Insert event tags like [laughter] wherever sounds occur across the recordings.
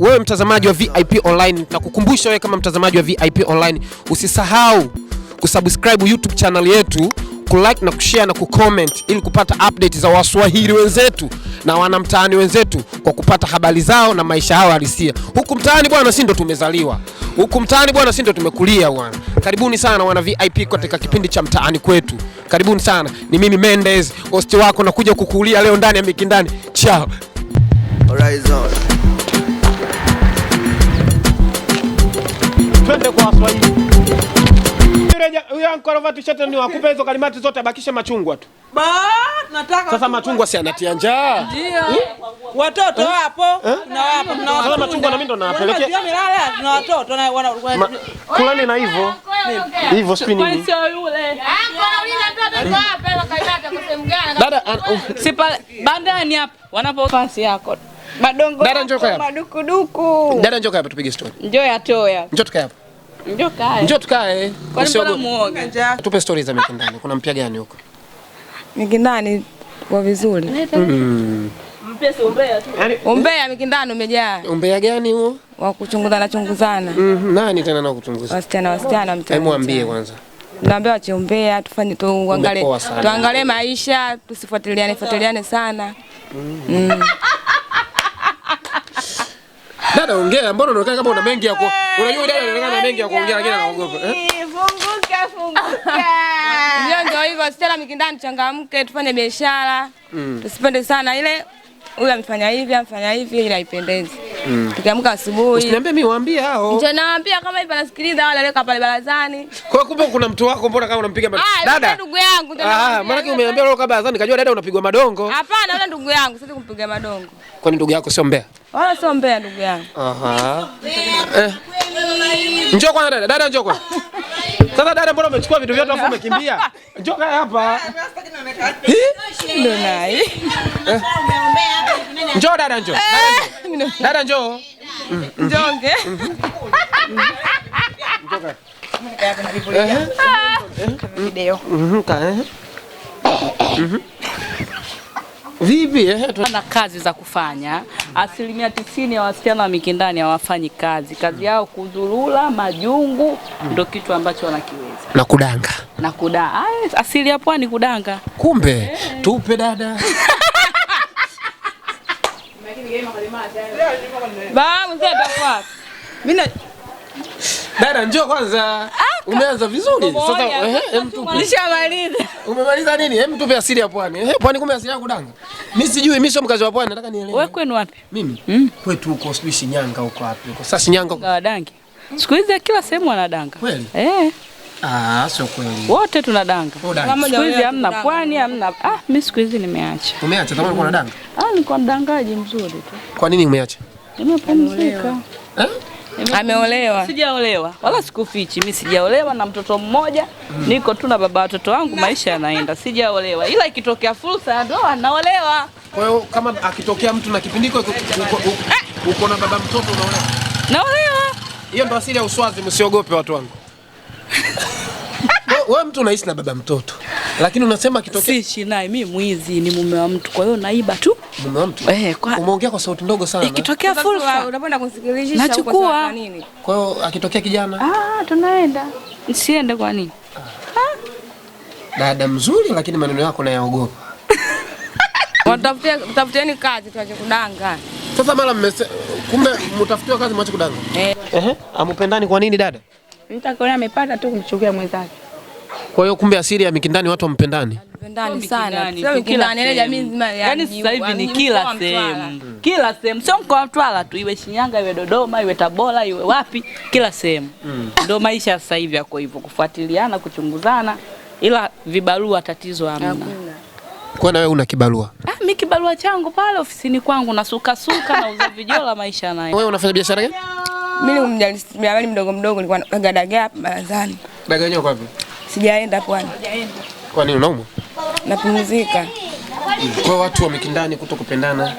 wewe mtazamaji wa VIP Online, na kukumbusha wewe kama mtazamaji wa VIP Online, usisahau kusubscribe YouTube channel yetu, kulike na kushare na kucomment, ili kupata update za waswahili wenzetu na wanamtaani wenzetu, kwa kupata habari zao na maisha yao halisia huku mtaani bwana, si ndo tumezaliwa huku mtaani bwana, si ndo tumekulia bwana. Karibuni sana wana VIP katika kipindi cha mtaani kwetu, karibuni sana. Ni mimi Mendez host wako, nakuja kukulia leo ndani ya Mikindani. Chao. Horizon. twende kwa Waswahili. Huyo ankoro vatu ni wakupe hizo kalimati zote, abakishe machungwa tu. Ba, nataka sasa machungwa si anatia njaa. Hmm? Watoto eh? hapo eh? na hapo na watoto. Machungwa na mimi ndo nawapelekea. Na watoto na wana kulani na hivyo. Hivyo spinning. Dada, si bandani hapo wanapo pasi yako. Madongo. Dada njoo hapa. Madukuduku. Dada njoo hapa tupige story. Njoo atoa. Njoo tukae hapa. Njoo kae. Njoo tukae. Kwa nini Tupe stories za Mikindani. Kuna mpya gani huko? Mikindani kwa vizuri. Mm. Mpya si umbea tu. Yaani- umbea Mikindani umejaa. Umbea gani huo? Wa kuchunguzana chunguzana. Mm, nani tena na kuchunguza? Wasichana wasichana mtaa. Hebu mwambie kwanza. Naambia wache umbea, tufanye tuangalie tuangalie maisha, tusifuatiliane fuatiliane sana. Mm. mm. Dada ongea, mbona unaonekana kama una mengi ya ku... Unajua dada anaonekana na mengi ya kuongea lakini anaogopa. Eh? Funguka funguka. Ndio ndio hivyo Stella Mikindani changamke tufanye biashara. Mm. Tusipende sana ile huyu amefanya hivi amefanya hivi ile haipendezi. Mm. Tukiamka asubuhi. Usiniambie mimi waambie hao. Ndio naambia kama hivi anasikiliza wala leka pale barazani. Kwa kumbe kuna mtu wako mbona kama unampiga bali. Ah, dada. Ndugu yangu. Ah, maana kile umeambia leo kabla barazani kajua dada unapigwa madongo. Hapana, wala ndugu yangu, siwezi kumpiga madongo. Kwa Kwani ndugu yako sio mbea? Wala sio mbea ndugu yangu. Aha. Eh. Njoo kwa dada, dada njoo kwa. Sasa dada, mbona umechukua vitu vyote afu umekimbia? Njoo hapa. Ndio nai. Njoo dada, njoo. Dada njoo. Eh, [laughs] mm-hmm. Njonge. Video. Mm-hmm. Eh? Mm-hmm. Vipi eh? Tuna kazi za kufanya. Asilimia tisini ya wasichana wa Mikindani hawafanyi kazi. Kazi yao kuzurula majungu, mm. ndio kitu ambacho wanakiweza na kudanga na kudanga. Ah, Asili ya pwani kudanga, kumbe eh. Tupe dada [laughs] Dada njoo kwanza. Ah, Umeanza vizuri. Sasa eh, mtupe. Nishamaliza. Umemaliza nini? Hem, tupe asili ya pwani. Eh, pwani kumbe asili yako danga. Mimi sijui, mimi sio mkazi wa pwani, nataka nielewe. Wewe kwenu wapi? Mimi. Hmm? Kwetu huko sijui Shinyanga huko wapi. Sasa Shinyanga huko. Danga. Siku hizi kila sehemu wanadanga. Kweli? Eh. Ah, kweli. Wote tunadanga. Siku hizi hamna pwani, hamna. Ah, mimi siku hizi nimeacha. Umeacha kama ulikuwa unadanga? Ah, nilikuwa mdangaji mzuri tu. Kwa nini umeacha? Nimepumzika. Eh? Ameolewa. Sijaolewa. Wala sikufichi. Mimi sijaolewa na mtoto mmoja. Mm. Niko tu na baba watoto wangu, maisha yanaenda. Sijaolewa. Ila ikitokea fursa ya ndoa naolewa. Kwa hiyo kama akitokea mtu na kipindiko uko eh! na baba mtoto unaolewa? Naolewa. Hiyo ndo asili ya uswazi, msiogope watu wangu wewe mtu unaishi na baba mtoto, lakini unasema akitokea siishi naye. Mimi mwizi ni mume wa mtu, kwa hiyo naiba tu mume wa mtu. Eh, kwa umeongea kwa sauti ndogo sana. Ikitokea fursa unapenda kusikilizisha kwa nachukua. Kwa hiyo akitokea kijana, ah, tunaenda. Nisiende kwa nini? Ah. Dada mzuri, lakini maneno yako nayaogopa. [laughs] Watafutia tafutieni kazi, tuache kudanga. Sasa mara mmese kumbe mtafutiwa kazi mwache kudanga. Eh. Ehe, amupendani kwa nini dada? Mtu amepata tu kumchukia mwenzake. Kwa hiyo kumbe asili ya Mikindani watu wampendani. Wampendani sana. Yaani, yaani, yaani, yaani sasa hivi ni kila sehemu. Kila sehemu sio mkoa wa Mtwara tu, iwe Shinyanga, iwe Dodoma, iwe Tabora, iwe wapi, kila sehemu. Mm. Ndio maisha sasa hivi yako hivyo, kufuatiliana, kuchunguzana, ila vibarua tatizo hamna. Kwa na wewe una kibarua? Ah, mimi kibarua changu pale ofisini kwangu nasuka suka na uza vijola maisha nayo. Wewe unafanya biashara gani? Mimi mjalismia mdogo mdogo nilikuwa nagadagaa barazani. Daganya nyoka vipi? Sijaenda pwani. Kwa nini unaumwa? Napumzika. Kwa watu wa Mikindani kuto kupendana.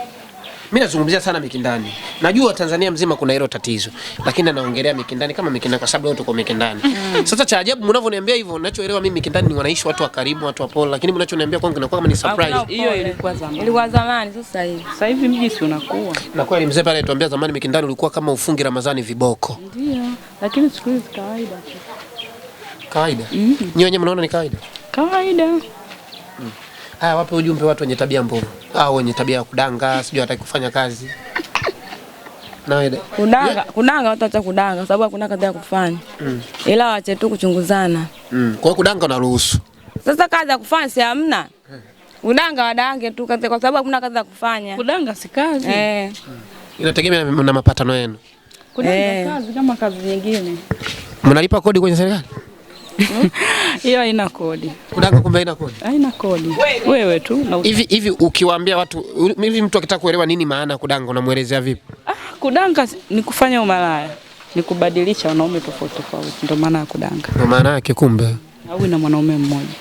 Mimi nazungumzia sana Mikindani. Najua Tanzania mzima kuna hilo tatizo, lakini naongelea Mikindani kama Mikindani kwa sababu leo kwa Mikindani. Mm. Sasa cha ajabu mnavyoniambia hivyo, ninachoelewa mimi Mikindani ni wanaishi watu wa karibu, watu wa pole, lakini mnachoniambia kwangu inakuwa kama ni ah, surprise. Hiyo ilikuwa zamani. Ilikuwa zamani, sasa hivi. Sasa hivi mji si unakuwa. Na kweli mzee pale alituambia zamani Mikindani ulikuwa kama ufungi Ramadhani viboko. Ndio. Lakini siku hizi kawaida. tu kawaida. Mm -hmm. Nyinyi mnaona ni kawaida? Kawaida. Mm. Haya, wape ujumbe watu wenye tabia mbovu au wenye tabia ya kudanga, sijui hataki kufanya kazi. [laughs] Nawaida. Kudanga, yeah. Kudanga watu acha kudanga sababu hakuna kazi ya kufanya. Mm. Ila waache tu kuchunguzana. Mm. Kwa kudanga unaruhusu. Sasa kazi ya kufanya si hamna. Eh. Udanga wadange tu kazi kwa sababu hakuna kazi ya kufanya. Kudanga si kazi. Eh. Hmm. Inategemea na mapatano yenu. Kudanga eh, kazi kama kazi nyingine. Mnalipa kodi kwenye serikali? [laughs] hiyo haina kodi. Kunako kumbe haina kodi, haina kodi, wewe tu hivi hivi. Ukiwaambia watu hivi, mtu akitaka kuelewa nini maana kudanga, unamwelezea vipi? Ah, kudanga ni kufanya umalaya, ni kubadilisha wanaume tofauti tofauti, ndio maana ya kudanga. Ndio maana yake kumbe, au na mwanaume mmoja.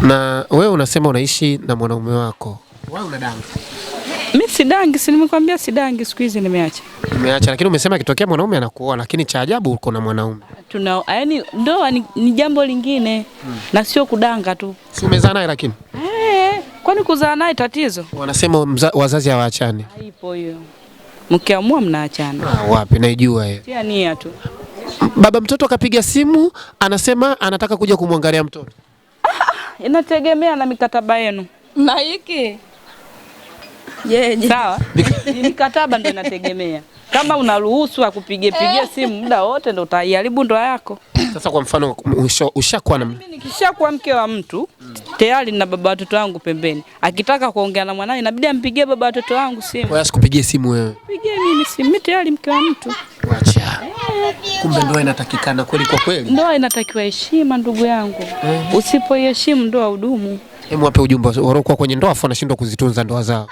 Na wewe unasema unaishi na mwanaume wako, wewe unadanga? Mimi sidangi, si nimekwambia sidangi, siku hizi nimeacha. Nimeacha, lakini umesema kitokea mwanaume anakuoa, lakini cha ajabu uko na mwanaume tuna yaani, ndoa ni, ni jambo lingine hmm. na sio kudanga tu, si umezaa naye lakini eh, kwani kuzaa naye tatizo? Wanasema mza, wazazi hawaachani, haipo hiyo, mkiamua mnaachana. Ah, wapi naijua hiyo, tia nia tu. Baba mtoto akapiga simu anasema anataka kuja kumwangalia mtoto. Ah, ah inategemea na mikataba yenu na hiki yeye sawa, [laughs] mikataba ndio inategemea kama unaruhusu akupige pigie simu muda wote ndo utaiharibu ndoa yako. Sasa kwa mfano ushakuwa na mimi, nikishakuwa mke wa mtu tayari na baba watoto wangu pembeni, akitaka kuongea na mwanae inabidi ampigie baba watoto wangu simu. Wewe asikupigie simu wewe, pigie mimi simu, mimi tayari mke wa mtu. Acha eh. kumbe, ndoa inatakikana kweli kwa kweli, ndoa inatakiwa heshima, ndugu yangu. Eh. Usipoiheshimu ndoa udumu. Hebu wape ujumbe wao kwenye ndoa afu anashindwa kuzitunza ndoa zao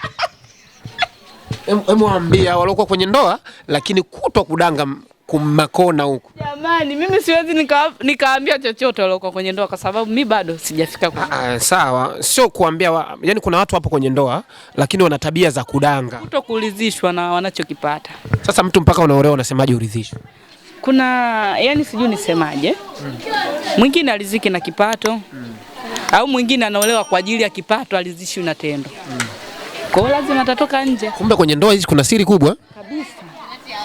emwambia waambia waliokuwa kwenye ndoa lakini kuto kudanga kumakona huko. Jamani, mimi siwezi nikaambia nika chochote walokuwa kwenye ndoa kwa sababu mi bado sijafika kwa... ndoa. Ah, ah, sawa, sio kuambia wa, yani kuna watu hapo kwenye ndoa lakini wana tabia za kudanga. Kuto kulizishwa na wanachokipata. Sasa mtu mpaka unaolewa unasemaje uridhishwe? Kuna yani sijui nisemaje. Hmm. Mwingine aliziki na kipato. Hmm. Au mwingine anaolewa kwa ajili ya kipato alizishi na tendo. Hmm. Kwa hiyo lazima atatoka nje. Kumbe kwenye ndoa hizi kuna siri kubwa kabisa.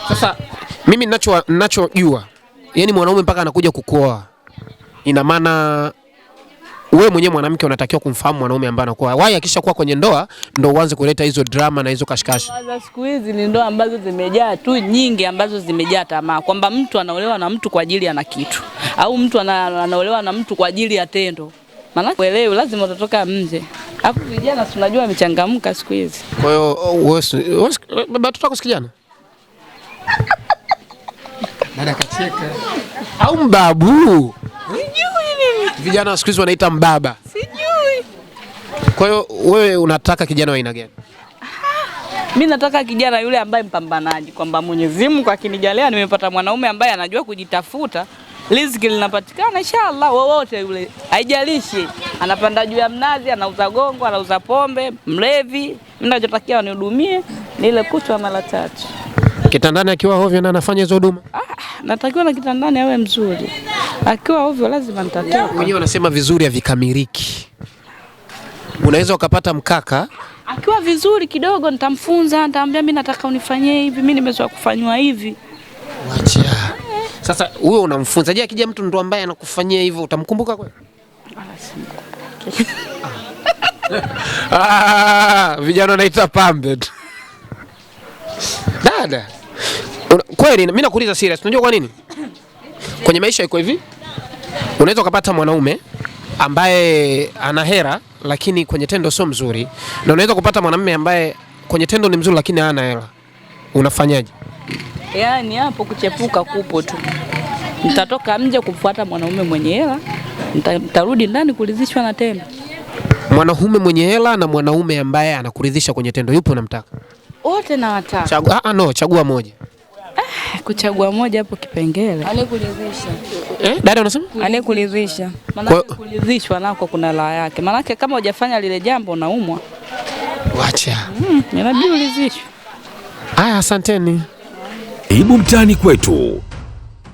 Sasa mimi ninachojua nacho, yaani mwanaume mpaka anakuja kukuoa, ina maana wewe mwenyewe mwanamke unatakiwa kumfahamu mwanaume ambaye anakuwa wai, akisha kuwa kwenye ndoa ndo uanze kuleta hizo drama na hizo kashikashi. Siku hizi ni ndoa ambazo zimejaa tu nyingi, ambazo zimejaa tamaa, kwamba mtu anaolewa na mtu kwa ajili ana kitu au mtu anaolewa na mtu kwa ajili ya tendo. Maana uelewe, lazima utatoka nje. Hapo vijana tunajua wamechangamka siku hizi. Kwa hiyo wewe baba mtoto wako Dada kacheka. Au mbabu? Sijui mimi. Vijana siku hizi wanaita mbaba. Sijui. Kwa hiyo wewe unataka kijana wa aina gani? Mimi nataka kijana yule ambaye mpambanaji, kwamba Mwenyezi Mungu akinijalia nimepata mwanaume ambaye anajua kujitafuta riziki linapatikana inshallah, wowote yule, haijalishi anapanda juu ya mnazi, anauza gongo, anauza pombe, mlevi. Mimi ninachotakiwa wanihudumie ni ile kutwa mara tatu. Kitandani akiwa hovyo na anafanya hizo huduma ah, natakiwa na kitandani awe mzuri, akiwa ovyo lazima nitatoka. Yaani Wenyewe wanasema vizuri havikamiliki, unaweza ukapata mkaka akiwa vizuri kidogo, nitamfunza nitamwambia, mimi nataka unifanyie hivi, mimi nimezoea kufanywa hivi, wacha sasa huyo unamfunza. Je, akija mtu ndo ambaye anakufanyia hivyo utamkumbuka kweli? Ah, ah, vijana wanaita pambe tu. Dada. Kweli mimi nakuuliza serious. Unajua kwa nini? Kwenye maisha iko hivi. Unaweza ukapata mwanaume ambaye ana hera lakini kwenye tendo sio mzuri, na unaweza kupata mwanamume ambaye kwenye tendo ni mzuri lakini hana hela. Unafanyaje? yaani hapo kuchepuka kupo tu. Nitatoka nje kumfuata mwanaume mwenye hela, nitarudi ndani kuridhishwa na tendo. Mwanaume mwenye hela na mwanaume ambaye anakuridhisha kwenye tendo, yupo namtaka wote na wataka. Chagua, ah, ah, no, chagua moja ah, kuchagua moja hapo kipengele. Anayekuridhisha. Eh, dada unasema? Anayekuridhisha. Maana kuridhishwa nako kuna laa yake. Maana kama hujafanya lile jambo unaumwa. Wacha. Mm, inabidi uridhishwe. Aya, asanteni karibu mtaani kwetu.